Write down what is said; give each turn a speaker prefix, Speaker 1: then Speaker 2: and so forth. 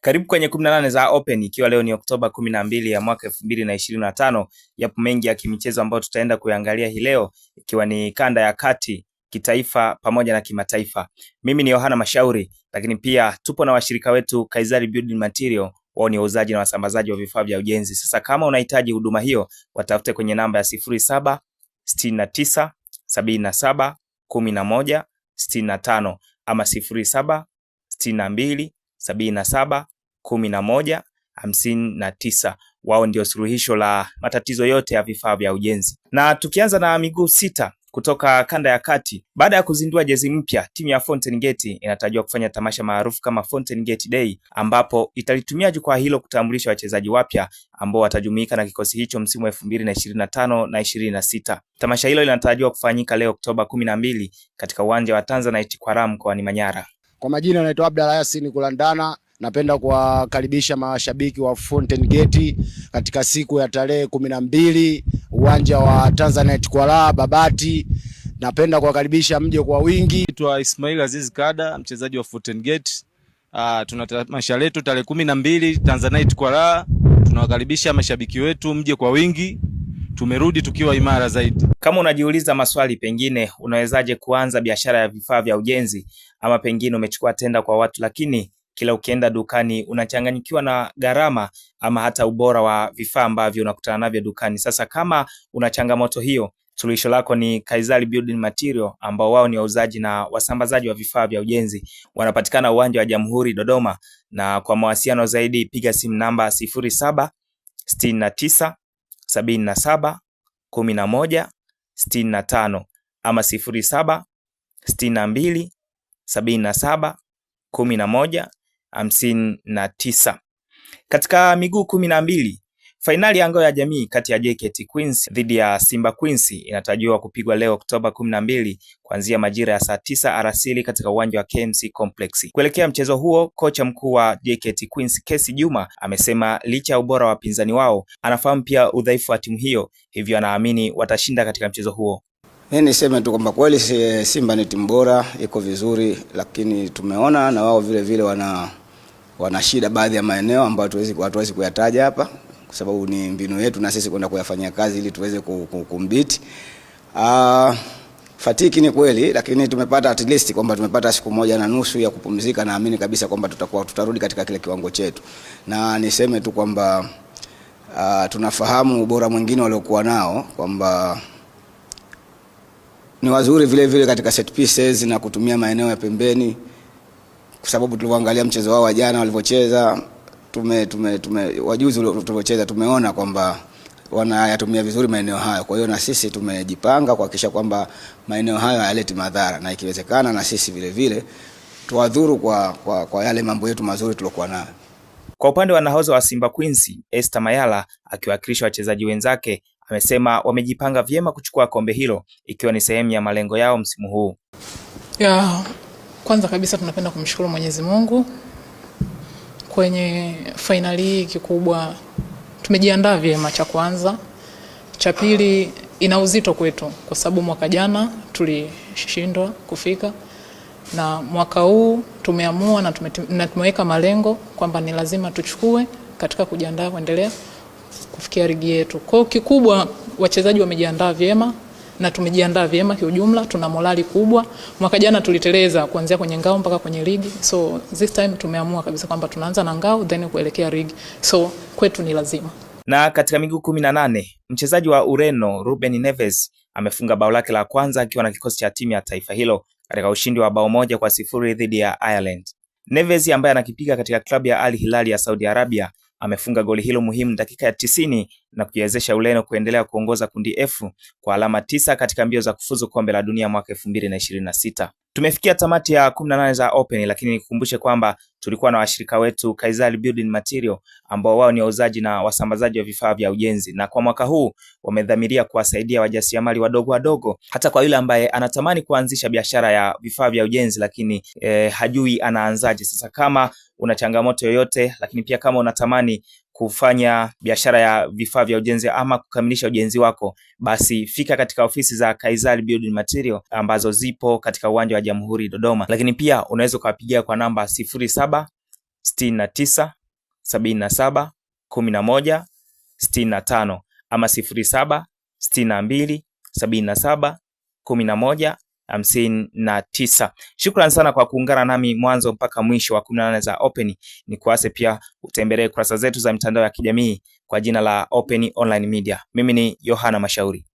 Speaker 1: Karibu kwenye 18 za Open ikiwa leo ni Oktoba 12 ya mwaka 2025. Yapo mengi ya kimichezo ambayo tutaenda kuyaangalia hii leo ikiwa ni kanda ya kati, kitaifa pamoja na kimataifa. Mimi ni Yohana Mashauri, lakini pia tupo na washirika wetu Kaizari Building Material wao ni wauzaji na wasambazaji wa vifaa vya ujenzi. Sasa kama unahitaji huduma hiyo, watafute kwenye namba ya 0769 77 11 65 ama 0762 sabini na saba kumi na moja hamsini na tisa. Wao ndio suluhisho la matatizo yote ya vifaa vya ujenzi. Na tukianza na miguu sita kutoka kanda ya kati, baada ya kuzindua jezi mpya, timu ya Fountain Gate inatarajiwa kufanya tamasha maarufu kama Fountain Gate Day, ambapo italitumia jukwaa hilo kutambulisha wachezaji wapya ambao watajumuika na kikosi hicho msimu wa 2025 na 26. Tamasha hilo linatarajiwa kufanyika leo Oktoba 12 katika uwanja wa Tanzanite kwa Ram mkoani Manyara.
Speaker 2: Kwa majina naitwa Abdalla Yasin Kulandana. Napenda kuwakaribisha mashabiki wa Fountain Gate katika siku ya tarehe kumi na mbili uwanja wa Tanzanite Kwaraa Babati. Napenda kuwakaribisha mje kwa wingi.
Speaker 3: Naitwa Ismail Aziz Kada, mchezaji wa Fountain Gate. Uh, tuna tamasha letu tarehe kumi na mbili Tanzanite Kwaraa. Tunawakaribisha mashabiki wetu mje kwa wingi tumerudi tukiwa imara zaidi.
Speaker 1: Kama unajiuliza maswali pengine unawezaje kuanza biashara ya vifaa vya ujenzi, ama pengine umechukua tenda kwa watu, lakini kila ukienda dukani unachanganyikiwa na gharama ama hata ubora wa vifaa ambavyo unakutana navyo dukani. Sasa kama una changamoto hiyo, suluhisho lako ni Kaizali Building Material ambao wao ni wauzaji na wasambazaji wa vifaa vya ujenzi. Wanapatikana uwanja wa Jamhuri Dodoma, na kwa mawasiliano zaidi piga simu namba sifuri saba sitini na tisa sabini na saba kumi na moja sitini na tano ama sifuri saba sitini na mbili sabini na saba kumi na moja hamsini na tisa. Katika miguu kumi na mbili Fainali ya Ngao ya Jamii kati ya JKT Queens dhidi ya Simba Queens inatarajiwa kupigwa leo Oktoba kumi na mbili kuanzia majira ya saa tisa arasili katika uwanja wa KMC Complex. Kuelekea mchezo huo, kocha mkuu wa JKT Queens Kesi Juma amesema licha ya ubora wa wapinzani wao, anafahamu pia udhaifu wa timu hiyo, hivyo anaamini watashinda katika mchezo huo.
Speaker 4: Mi niseme tu kwamba kweli Simba ni timu bora, iko vizuri, lakini tumeona na wao vile vile wana, wana shida baadhi ya maeneo ambayo hatuwezi kuyataja hapa kwa sababu ni mbinu yetu na sisi kwenda kuyafanyia kazi ili tuweze kumbiti. Uh, fatiki ni kweli, lakini tumepata at least kwamba tumepata siku moja na nusu ya kupumzika. Naamini kabisa kwamba tutakuwa tutarudi katika kile kiwango chetu, na niseme tu kwamba uh, tunafahamu ubora mwingine waliokuwa nao kwamba ni wazuri vile vile katika set pieces na kutumia maeneo ya pembeni, kwa sababu tulivyoangalia mchezo wao wa jana walivyocheza tume, tume, tume, wajuzi tuliocheza tumeona kwamba wanayatumia vizuri maeneo hayo. Kwa hiyo na sisi tumejipanga kuhakikisha kwamba maeneo hayo hayaleti madhara, na ikiwezekana na sisi vile vile tuwadhuru kwa, kwa, kwa yale mambo yetu mazuri tuliokuwa nayo.
Speaker 1: Kwa upande wa nahodha wa Simba Queens Esther Mayala akiwakilisha wachezaji wenzake amesema wamejipanga vyema kuchukua kombe hilo ikiwa ni sehemu ya malengo yao msimu huu.
Speaker 5: Ya, kwanza kabisa tunapenda kumshukuru Mwenyezi Mungu kwenye fainali hii kikubwa tumejiandaa vyema, cha kwanza. Cha pili ina uzito kwetu kwa sababu mwaka jana tulishindwa kufika, na mwaka huu tumeamua na, tume, na tumeweka malengo kwamba ni lazima tuchukue katika kujiandaa kuendelea kufikia ligi yetu. Kwa hiyo kikubwa wachezaji wamejiandaa vyema na tumejiandaa vyema kiujumla, tuna morali kubwa. Mwaka jana tuliteleza kuanzia kwenye ngao mpaka kwenye ligi, so this time tumeamua kabisa kwamba tunaanza na ngao then kuelekea ligi, so kwetu ni lazima.
Speaker 1: Na katika miguu kumi na nane mchezaji wa Ureno Ruben Neves amefunga bao lake la kwanza akiwa na kikosi cha timu ya taifa hilo katika ushindi wa bao moja kwa sifuri dhidi ya Ireland. Neves ambaye anakipiga katika klabu ya Al Hilal ya Saudi Arabia amefunga goli hilo muhimu dakika ya tisini na kuiwezesha Ureno kuendelea kuongoza kundi F kwa alama tisa katika mbio za kufuzu kombe la dunia mwaka elfu mbili na ishirini na sita. Tumefikia tamati ya 18 za Open, lakini nikukumbushe kwamba tulikuwa na washirika wetu Kaizali Building Material ambao wao ni wauzaji na wasambazaji wa vifaa vya ujenzi, na kwa mwaka huu wamedhamiria kuwasaidia wajasiriamali wadogo wadogo, hata kwa yule ambaye anatamani kuanzisha biashara ya vifaa vya ujenzi lakini eh, hajui anaanzaje. Sasa kama una changamoto yoyote, lakini pia kama unatamani kufanya biashara ya vifaa vya ujenzi ama kukamilisha ujenzi wako, basi fika katika ofisi za Kaizal Building Material ambazo zipo katika uwanja wa Jamhuri Dodoma, lakini pia unaweza ukawapigia kwa namba sifuri saba 11 na tisa sabini na saba kumi na moja na tano ama sifuri saba 11 na mbili sabini na saba kumi na moja hamsini na tisa. Shukrani sana kwa kuungana nami mwanzo mpaka mwisho wa kumi na nane za Open. Ni kuase pia utembelee kurasa zetu za mitandao ya kijamii kwa jina la Open Online Media. Mimi ni Yohana Mashauri.